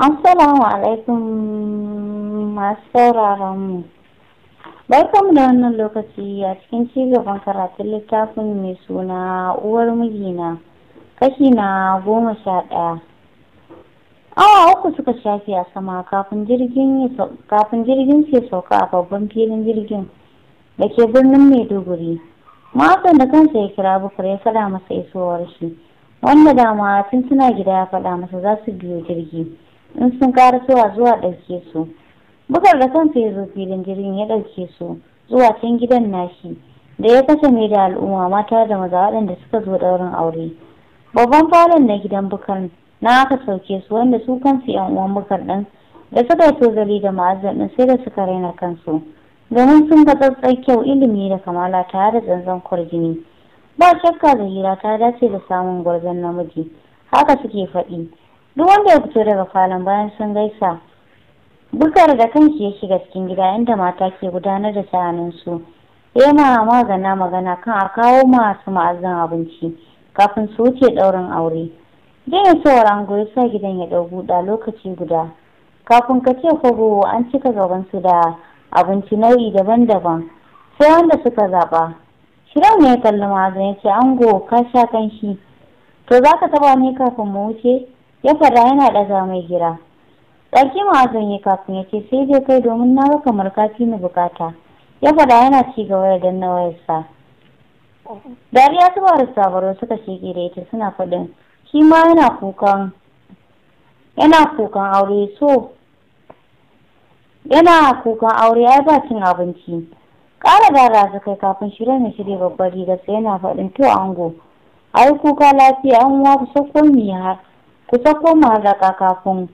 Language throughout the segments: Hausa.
Assalamu alaikum masu sauraron mu. Barkanmu da wannan lokaci a cikin cigaban karatun littafin mai suna uwar mijina kashi na goma sha ɗaya. Awa uku suka shafi a sama kafin jirgin ke sauka a babban filin jirgin da ke birnin Maiduguri. Matan da kansa ya kira bukar ya faɗa masa isowar shi, wanda dama tun suna gida ya faɗa masa za su biyo jirgi. in sun kara cewa zuwa ɗauke su bukar da kansa ya zo filin jirgin ya ɗauke su zuwa can gidan nashi da ya kashe mai da al'umma mata da maza waɗanda suka zo ɗaurin aure babban falon na gidan bukar na aka sauke su wanda su kansu yan uwan bukar ɗin da suka yi tozali da ma'azzar ɗin sai da suka raina kansu domin sun ga tsatsar kyau ilimi da kamala tare da zanzan kwarjini ba shakka da hira ta dace da samun gwarzon namiji haka suke faɗi duk wanda ya fito daga falon bayan sun gaisa bukar da kanshi ya shiga cikin gida inda mata ke gudanar da sha'aninsu yana magana magana kan a kawo masu ma'azin abinci kafin su wuce ɗaurin aure jin ango ya sa gidan ya ɗau buɗa lokaci guda kafin ka ce kwabo an cika gabansu da abinci nau'i daban-daban sai wanda suka zaɓa shirin ne ya kalli ma'azin ya ce ango ka sha kanshi to za ka taɓa ne kafin mu wuce ya faɗa yana ɗaga mai hira tsarki ma'azin ya kafin ya ce sai dai kai domin na ga kamar kafi ni bukata ya faɗa yana ci gaba da danna wayarsa dariya su ba sabaro suka shige da ita suna faɗin shi ma yana kukan yana kukan aure so yana kukan aure ya ba cin abinci ƙara gara su kai kafin shirya na shirya babbar rigarsa yana faɗin to ango ai kuka lafiya an wa ku sakon har ku sako maraka kafin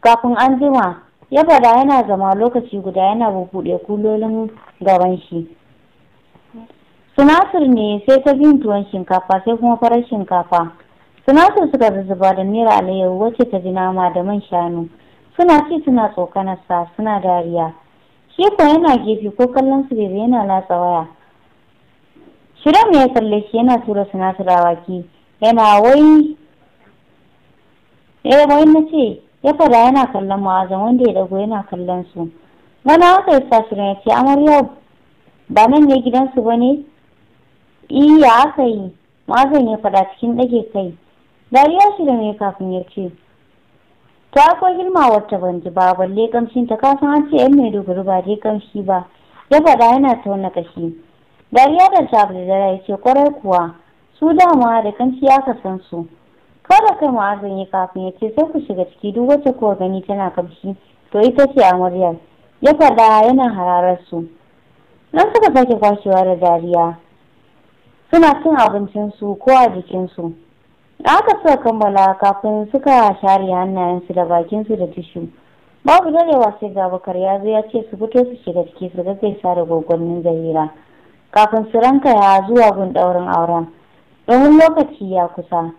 kafin an jima ya bada yana zama lokaci guda yana bubuɗe kulolin gaban shi sinatir ne sai ta bin tuwon shinkafa sai kuma farar shinkafa sinatir suka zuba da naira alayyahu wacce ta ji nama da man shanu suna ci suna tsokanarsa suna dariya shi ko yana gefe ko kallon su bebe yana latsa waya shirin ya kalle shi yana tura sinatir a waki yana wai eh wai na ce ya fada yana kallon ma'aza wanda ya dago yana kallon su wani wata ya sashi ya ce amarya ba nan ne gidansu ba ne iya eh, aka yi ma'azin ya fada cikin ɗage kai dariya shi da mai kafin ya ce ta ko hilma wata ban ji ba balle kamshin ta kasan an ce yan mai maiduguri ba dai kamshi ba ya fada yana tauna kashi dariya da jabir da ya ce kwarai kuwa su dama da kamshi ya san su ko da kai mu'azin ya kafin ya ce sai ku shiga ciki duk wacce kuwa gani tana kamshi to ita ce amaryar ya faɗa yana hararar su nan suka sake kwashewa da dariya suna cin abincinsu ko a jikinsu da aka suka kammala kafin suka share hannayensu da bakinsu da tishu babu darewa sai ga bakar ya zo ya ce su fito su shiga ciki su ga zai da gogonnin zahira kafin su ranka ya zuwa gun ɗaurin auren domin lokaci ya kusa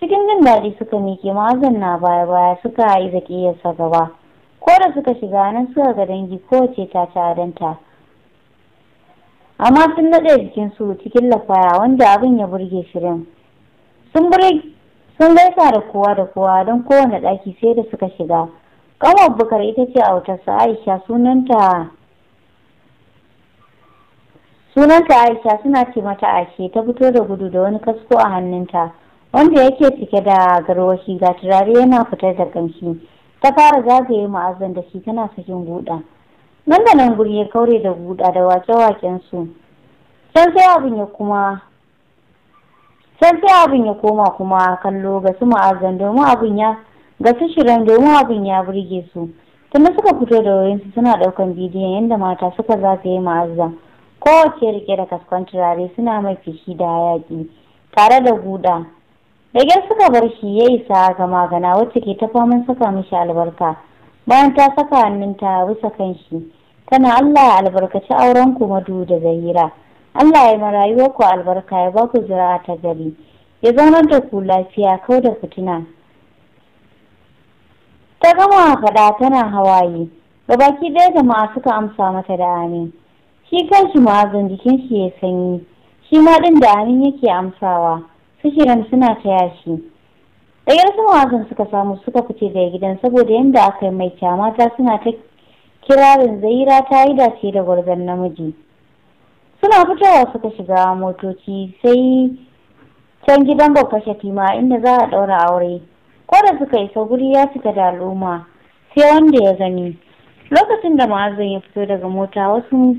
cikin jin daɗi suka miƙe ma'azan na baya baya suka yi yasa gaba ko da suka shiga nan suka ga dangi kowace ta ci adanta amma sun naɗe jikinsu cikin lafaya wanda abin ya burge shirin sun gaisa da kowa da kowa don kowane ɗaki sai da suka shiga Ƙawar bukar ita ce a wutar sa aisha sunanta sunanta aisha suna ce mata ashe ta fito da gudu da wani kasko a hannunta wanda yake cike da garwashi ga turare yana fitar da ƙamshi ta fara zagaye ma'azin da shi tana sakin guda nan da nan guri ya kaure da guda da wake-waken su sai ya sai abin ya koma kuma kallo ga su ma'azin domin abin ya ga su shirin domin abin ya burge su tunda suka fito da su suna daukan bidiyon yadda mata suka zagaye ma'azan. kowace rike da kaskon turare suna mai fishi da yaƙi tare da buɗa. da gyar suka bar shi ya isa ga magana wacce ke ta faman saka mishi albarka bayan ta saka hannunta bisa kan shi tana Allah ya albarkaci auren ku madu da zahira Allah ya ma rayuwarku albarka ya baku zira'a ta gari ya zama da ku lafiya kau da fitina ta gama faɗa tana hawaye gabaki ɗaya jama'a suka amsa mata da amin shi kanshi ma'azin jikin shi ya sanyi shi ma ɗin da amin yake amsawa sihiran suna ta yashi ɗayar sama wasan suka samu suka fice daga gidan saboda yadda aka yi mai ta suna ta kirarin zaira ta yi dace da gwarzon namiji suna fitowa suka shiga motoci sai can gidan babba shatima inda za a ɗaura aure ko da suka isa guri ya fita da al'umma sai wanda ya gani lokacin da ma'azin ya fito daga mota wasu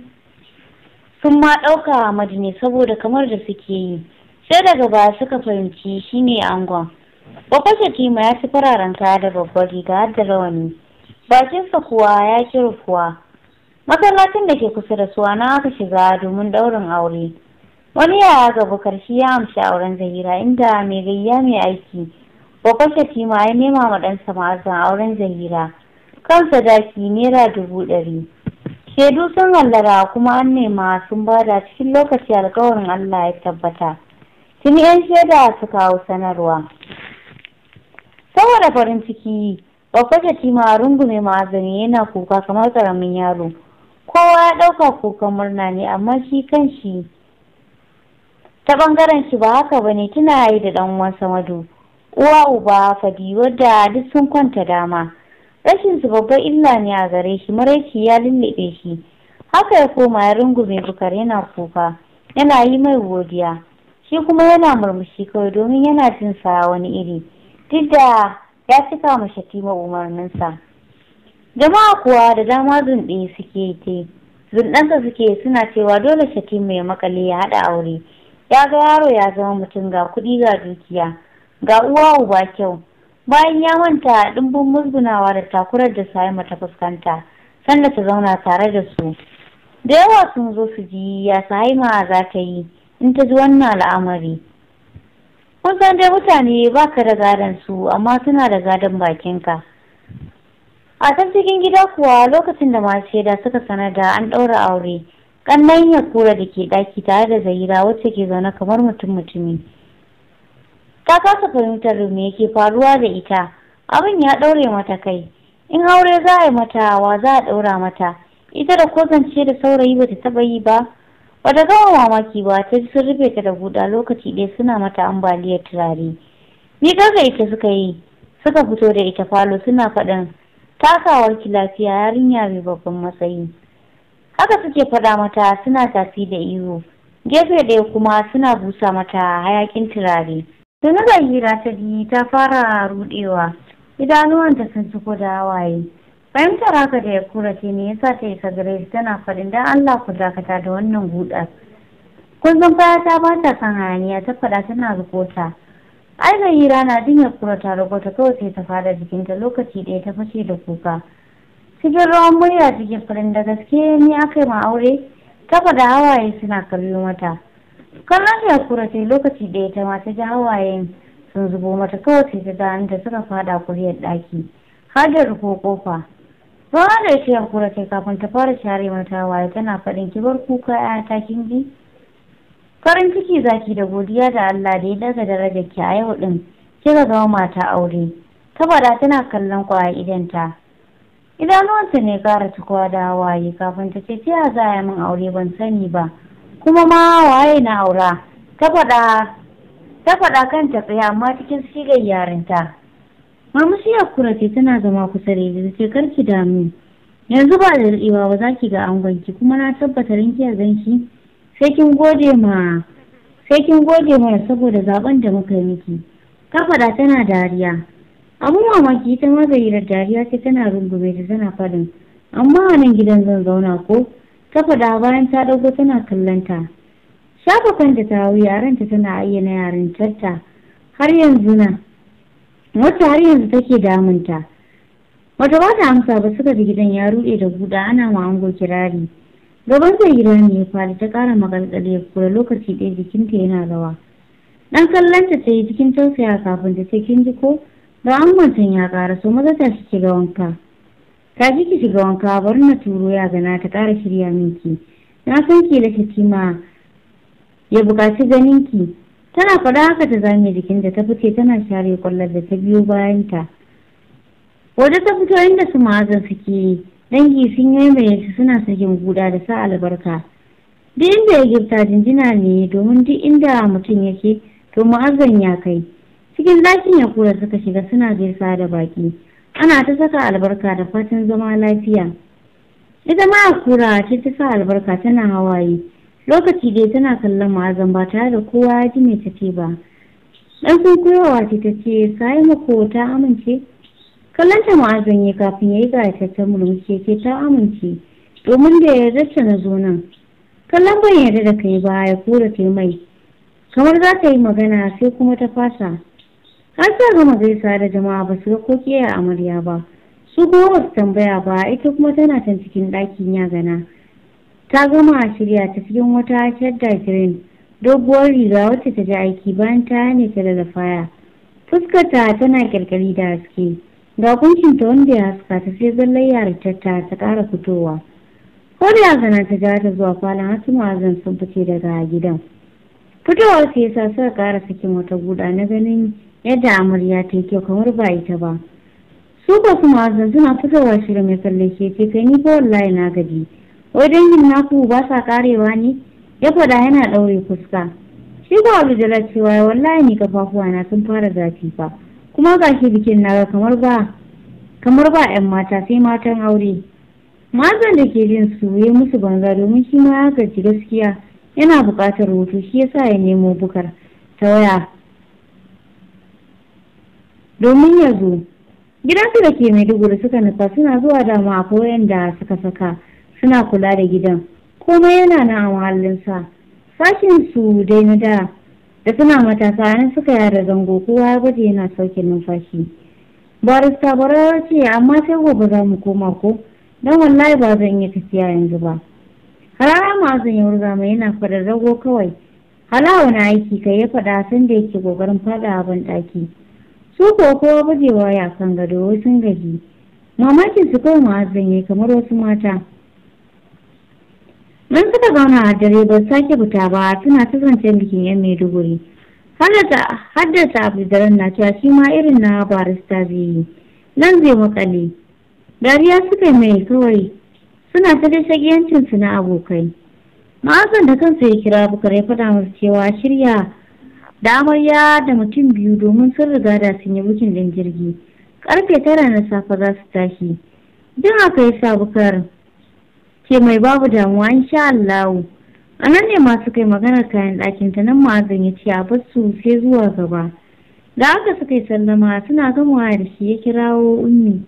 sun ma ɗauka a madine saboda kamar da suke yi sai daga ba suka fahimci shi ne angon babba shatima ya ci fararen kaya da babbar riga har da rawani bakinsa kuwa ya ki rufuwa masallacin da ke kusa da suwa na aka shiga domin ɗaurin aure wani yaya gaba karshe ya amshi auren zahira inda mai gayya mai aiki babba shatima ya nema ma ɗansa ma'azan auren zahira kansa daki naira dubu ɗari shaidu sun hallara kuma an nema sun bada cikin lokaci alkawarin allah ya tabbata tuni 'yan shaida su kawo sanarwa saboda farin ciki babba jatima a rungume ma'azani yana kuka kamar karamin yaro kowa ya ɗauka kuka murna ne amma shi kan shi ta ɓangaren shi ba haka ba ne tuna yi da ɗan uwansa madu uwa uba fadi wadda duk sun kwanta dama rashin su babban illa ne a gare shi maraici ya lullube shi haka ya koma ya rungume bukar yana kuka yana yi mai godiya shi kuma yana murmushi kawai domin yana jin sa wani iri duk da ya cika ma shatima umarninsa jama'a kuwa da dama zunɗe suke te zunɗansa suke suna cewa dole shatima ya makale ya haɗa aure ya ga yaro ya zama mutum ga kuɗi ga dukiya ga uwa uba kyau bayan ya manta ɗumbin musgunawa da takurar da Salima ta fuskanta sanda ta zauna tare da su da yawa sun zo su ji ya haima za ta yi in ta ji wannan al'amari kun san dai mutane ba ka da gadon su amma suna da gadon bakinka a can cikin gida kuwa lokacin da masu shaida suka sanar da an ɗaura aure ƙannan ya kura da ke ɗaki tare da zahira wacce ke zaune kamar mutum mutumi ta kasa fahimtar me yake faruwa da ita abin ya ɗaure mata kai in aure za a yi mata wa za a ɗaura mata ita da ko zance da saurayi bata taɓa yi ba Ba Bata gama mamaki ba ta ji sun rufe ta da buɗa lokaci ɗaya suna mata ambaliyar turare. Ni gaga ita suka yi suka fito da ita falo suna faɗin takawar ki lafiya yarinya mai babban matsayi. Haka suke faɗa mata suna tafi da iyo. Gefe ɗaya kuma suna busa mata hayakin turare. Tuni hira ta ji ta fara ruɗewa. Idanuwanta sun ci ko da hawaye. fahimtar haka da ya kura ce ne sa ta isa gare shi tana faɗin dan Allah ku dakata da wannan guda kullum baya ta ba ta kan hayaniya ta faɗa tana rukota ai ga hira na jinyar kura ta rukota kawai sai ta fara jikinta lokaci ɗaya ta fashe da kuka cikin rawan murya cikin farin da gaske ni aka yi ma aure ta faɗa hawaye suna kallo mata kallon ya kura lokaci ɗaya ta mata ta ji hawayen sun zubo mata kawai sai ta ta suka faɗa kuryar ɗaki har ko rufo kofa Fara da ita kura kai kafin ta fara share mata waye tana faɗin kibar kuka ‘ya'yata kin ji. Farin ciki zaki da godiya da Allah da ya daga darajar ki a yau ɗin kika zama mata aure. Kabada tana kallon kwaya idanta. Idanuwanta ne ƙara cikowa da hawaye kafin ta ce ta za a min aure ban sani ba. Kuma ma waye na aura. Ta faɗa kanta tsaye amma cikin sigar yarinta. ya kura ce tana zama kusa da ita ce karki damu. Yanzu ba da daɗewa ba za ki ga angonki kuma na tabbata rinkiyar ganshi sai kin gode ma sai mana saboda zaben da muka yi miki. Ka faɗa tana dariya. Abun mamaki ita ma da dariya ce tana rungume ta tana faɗin. Amma a nan gidan zan zauna ko? Ta faɗa bayan ta ɗauko tana kallon ta. Shafa kanta ta hau yaranta tana ayyana yarintarta har yanzu na. Wata har yanzu take damunta wata ba ta amsa ba suka bi gidan ya ruɗe da guda ana ma ango kirari gaban zai gida ne ya fadi ta kara magalgale kura lokaci ɗaya jikinta yana rawa dan kallonta ta yi cikin tausaya kafin ta ce kin ji ko ga angontan ya kara so maza ta shi shiga wanka ta ji ki shiga wanka bari na turo ya gana ta kara shirya minki na san ki da kima ya buƙaci ki. tana faɗa haka ta zame jikin da ta fice tana share kwallon da ta biyo ta waje ta fito inda su ma'azin suke dangi sun mai su suna sakin guda da sa albarka duk inda ya girta jinjina ne domin duk inda mutum yake to ma'azan ya kai cikin ɗakin ya kura suka shiga suna gaisa da baki ana ta saka albarka da fatan zama lafiya ita ma kura ce ta sa albarka tana hawaye lokaci dai tana kallon ma'azan ba tare da kowa ya ji mai ta ce ba dan kunkuyowa ce ta ce sai mako ta amince kallon ta ma'azan ya kafin ya yi gayataccen murmushi ce ta amince domin da ya ta na zo nan kallon ban yarda da kai ba ya kura ta mai kamar za ta yi magana sai kuma ta fasa har sa gama gaisa da jama'a ba su ga ko a amarya ba su kuma ba su tambaya ba ita kuma tana can cikin ɗakin ya gana ta gama a shirya ta cikin wata shadda green doguwar riga wacce ta ji aiki bayan ta ne ta daga faya fuskarta tana kirkiri da haske ga ta wanda ya haska ta sai zallar yarintarta ta ƙara fitowa ko da zana ta ja ta zuwa falon hasu ma'azin sun fice daga gidan fitowar su yasa suka ƙara sakin wata guda na ganin yadda amarya ta yi kyau kamar ba ita ba su ba su suna fitowa shirin ya kalle ke ce kai ni ko wallahi na gaji wai dangin naku ba sa karewa ne ya faɗa yana ɗaure fuska shi abu jala cewa wallahi ni kafafuwa na sun fara zafi fa kuma ga shi bikin na kamar ba kamar ba 'yan mata sai matan aure mazan da ke jin su ya musu banza domin shi ma ya gaji gaskiya yana buƙatar hutu shi yasa ya nemo bukar ta waya domin ya zo gidansu da ke maiduguri suka nufa suna zuwa dama a koyon da suka saka suna kula da gidan komai yana na a muhallinsa sashin su dai na da da suna matasa nan suka yara zango kowa ya gwaje yana sauke numfashi barista barawa ce amma sai gobe za mu koma ko don wallahi ba zan yi tafiya yanzu ba harara zan yi wurga mai yana fadar rago kawai hala wani aiki kai ya faɗa san da yake kokarin faɗa banɗaki. su ko kowa gujewa ya kan gado wasu gaji mamakin su kawai ma'azin ya kamar wasu mata Mun suka zauna a dare ba sake fita ba suna ta zancen bikin yan Maiduguri. Haddasa Abduldaran na cewa shi ma irin na barista zai yi. Nan zai makale. Dariya suka yi mai kawai suna ta yancin shagiyancinsu na abokai. Ma'azan da kansu ya kira bukar ya faɗa masu cewa shirya da amarya da mutum biyu domin sun riga da sun yi bukin ɗin jirgi. Karfe tara na safe za su tashi. Jin haka ya sa bukar. ke mai babu damuwa insha Allah a nan ne masu kai maganar kayan ɗakin ta nan ma'azin ya ce a basu sai zuwa gaba da aka suka yi sallama suna gama gamawa da shi ya kirawo ummi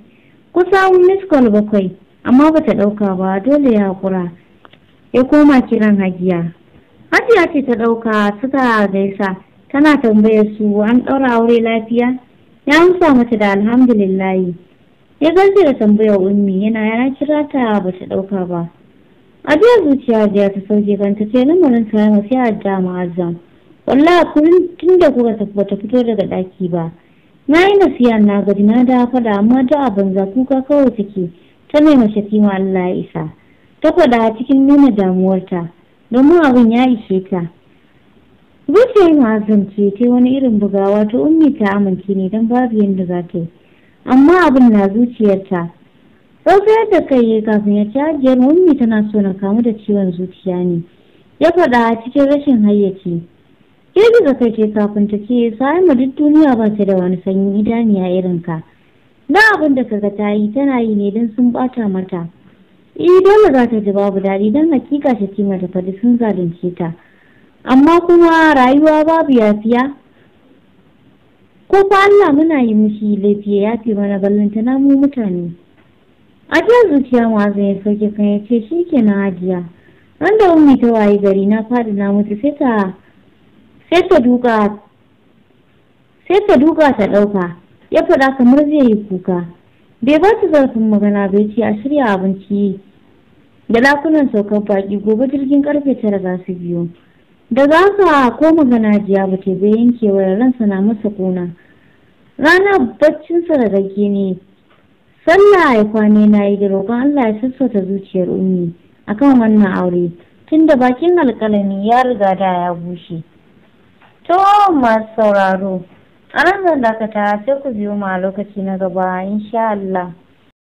kusa miskol bakwai amma bata ɗauka ba dole ya haƙura ya koma kiran hajiya hajiya ce ta ɗauka suka gaisa tana tambayar su an ɗaura aure lafiya ya amsa mata da alhamdulillahi ya zarce da tambayar ummi yana yana kira ta ba ta ɗauka ba a biya zuciya da ta sauke kanta ce lamarin salama sai a da ma'azam wallahi kullum tun da kuka tafi bata fito daga ɗaki ba na yi nasiya na gaji na da fada amma da a banza kuka kawai take ta mai mace kima Allah ya isa ta faɗa cikin nuna damuwarta domin abin ya ishe ta zuciya ma'azam ce ta wani irin bugawa ta ummi ta amince ne don babu yadda za ta yi amma abin na zuciyarta ɗaukar da kai ya kafin ya ci hajiyar mummi tana so na kamu da ciwon zuciya ne ya faɗa cikin rashin hayyaci girgiza kai ce kafin ta ce ma duk duniya ba ta da wani sanyi idaniya irin ka na abin da kaga ta yi tana yi ne don sun ɓata mata eh dole za ta ji babu daɗi don hakika ce mata fadi sun zalunce ta amma kuma rayuwa babu yafiya ko fa Allah muna yi mishi laifi ya fi mana na mu mutane ajiyar zuciya zai ya sauke kan ya ce shi ke na hajiya ran da wani ta waye gari na faɗi na mutu sai ta sai duka ta ɗauka ya faɗa kamar zai yi kuka bai ba ta zarafin magana bai ce a shirya abinci da lakunan saukar baki gobe jirgin karfe tara za su biyo da za ko magana jiya ba ke bai yankewar ransa na masa kuna rana baccinsa da daga ne sallah ya kwane na yi da roƙon allah ya sassauta zuciyar ummi akan wannan aure tunda bakin alƙalami ya riga da ya bushe to masu sauraro a ranar dakata sai ku biyo ma lokaci na gaba insha allah